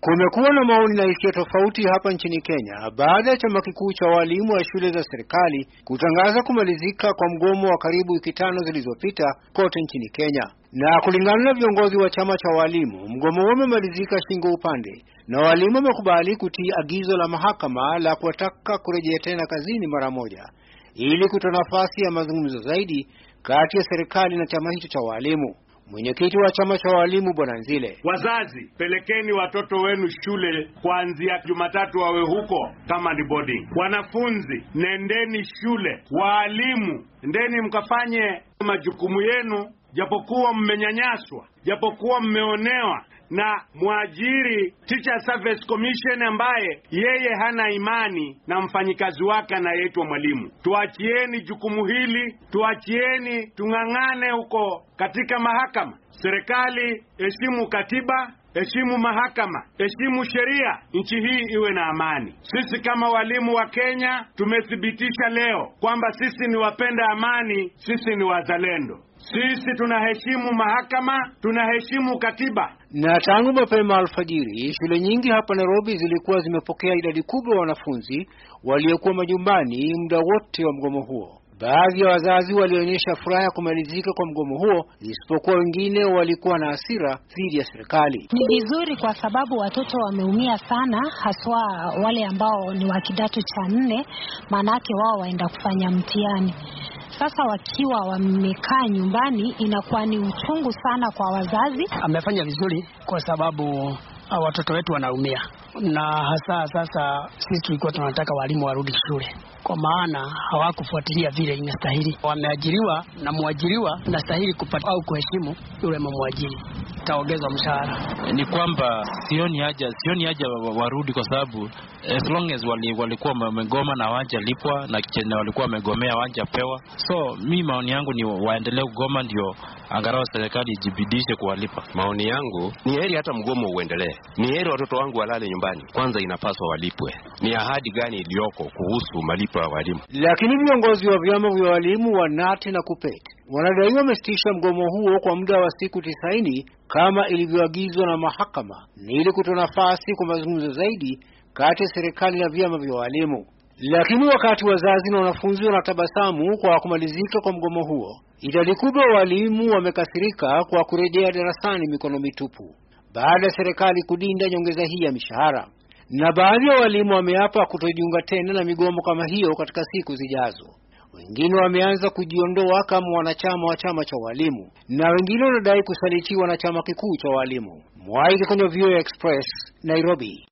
Kumekuwa na maoni na hisia tofauti hapa nchini Kenya baada ya chama kikuu cha walimu wa shule za serikali kutangaza kumalizika kwa mgomo wa karibu wiki tano zilizopita kote nchini Kenya. Na kulingana na viongozi wa chama cha walimu, mgomo huo umemalizika shingo upande na walimu wamekubali kutii agizo la mahakama la kuwataka kurejea tena kazini mara moja ili kutoa nafasi ya mazungumzo zaidi kati ya serikali na chama hicho cha walimu. Mwenyekiti wa chama cha walimu bwana Nzile: wazazi, pelekeni watoto wenu shule kuanzia Jumatatu wawe huko kama ni boarding. Wanafunzi, nendeni shule. Waalimu, ndeni mkafanye majukumu yenu, japokuwa mmenyanyaswa, japokuwa mmeonewa na mwajiri Teacher Service Commission ambaye yeye hana imani na mfanyikazi wake anayeitwa mwalimu. Tuachieni jukumu hili, tuachieni tung'ang'ane huko katika mahakama. Serikali heshimu katiba, heshimu mahakama, heshimu sheria, nchi hii iwe na amani. Sisi kama walimu wa Kenya tumethibitisha leo kwamba sisi ni wapenda amani, sisi ni wazalendo. Sisi tunaheshimu mahakama, tunaheshimu katiba. Na tangu mapema alfajiri, shule nyingi hapa Nairobi zilikuwa zimepokea idadi kubwa ya wanafunzi waliokuwa majumbani muda wote wa mgomo huo. Baadhi ya wazazi walionyesha furaha ya kumalizika kwa mgomo huo, isipokuwa wengine walikuwa na hasira dhidi ya serikali. Ni vizuri kwa sababu watoto wameumia sana, haswa wale ambao ni wa kidato cha nne, maanake wao waenda kufanya mtihani. Sasa wakiwa wamekaa nyumbani, inakuwa ni uchungu sana kwa wazazi. Amefanya vizuri kwa sababu ah, watoto wetu wanaumia na hasa sasa sisi tulikuwa tunataka walimu warudi shule kwa maana hawakufuatilia vile inastahili. Wameajiriwa na mwajiriwa nastahili kupata au kuheshimu yule mamwajiri itaongezwa mshahara. Ni kwamba sioni haja, sioni haja warudi, kwa sababu as long as walikuwa wamegoma na hawajalipwa na chenye walikuwa wamegomea pewa So mi maoni yangu ni waendelee kugoma, ndio angalau serikali ijibidishe kuwalipa. Maoni yangu ni heri hata mgomo uendelee, ni heri watoto wangu walale nyumbani kwanza, inapaswa walipwe. Ni ahadi gani iliyoko kuhusu malipo ya walimu? Lakini viongozi wa vyama vya walimu wanati na kupeti Wanadaiwa wamesitisha mgomo huo kwa muda wa siku tisaini kama ilivyoagizwa na mahakama, ni ili kutoa nafasi kwa mazungumzo zaidi kati ya serikali na vyama vya walimu. Lakini wakati wazazi na wanafunzi wanatabasamu kwa kumalizika kwa mgomo huo, idadi kubwa ya walimu wamekasirika kwa kurejea darasani mikono mitupu baada ya serikali kudinda nyongeza hii ya mishahara, na baadhi ya walimu wameapa kutojiunga tena na migomo kama hiyo katika siku zijazo wengine wameanza kujiondoa kama wanachama wa chama cha walimu na wengine wanadai kusalitiwa na chama kikuu cha walimu. Mwai kwenye VOA Express, Nairobi.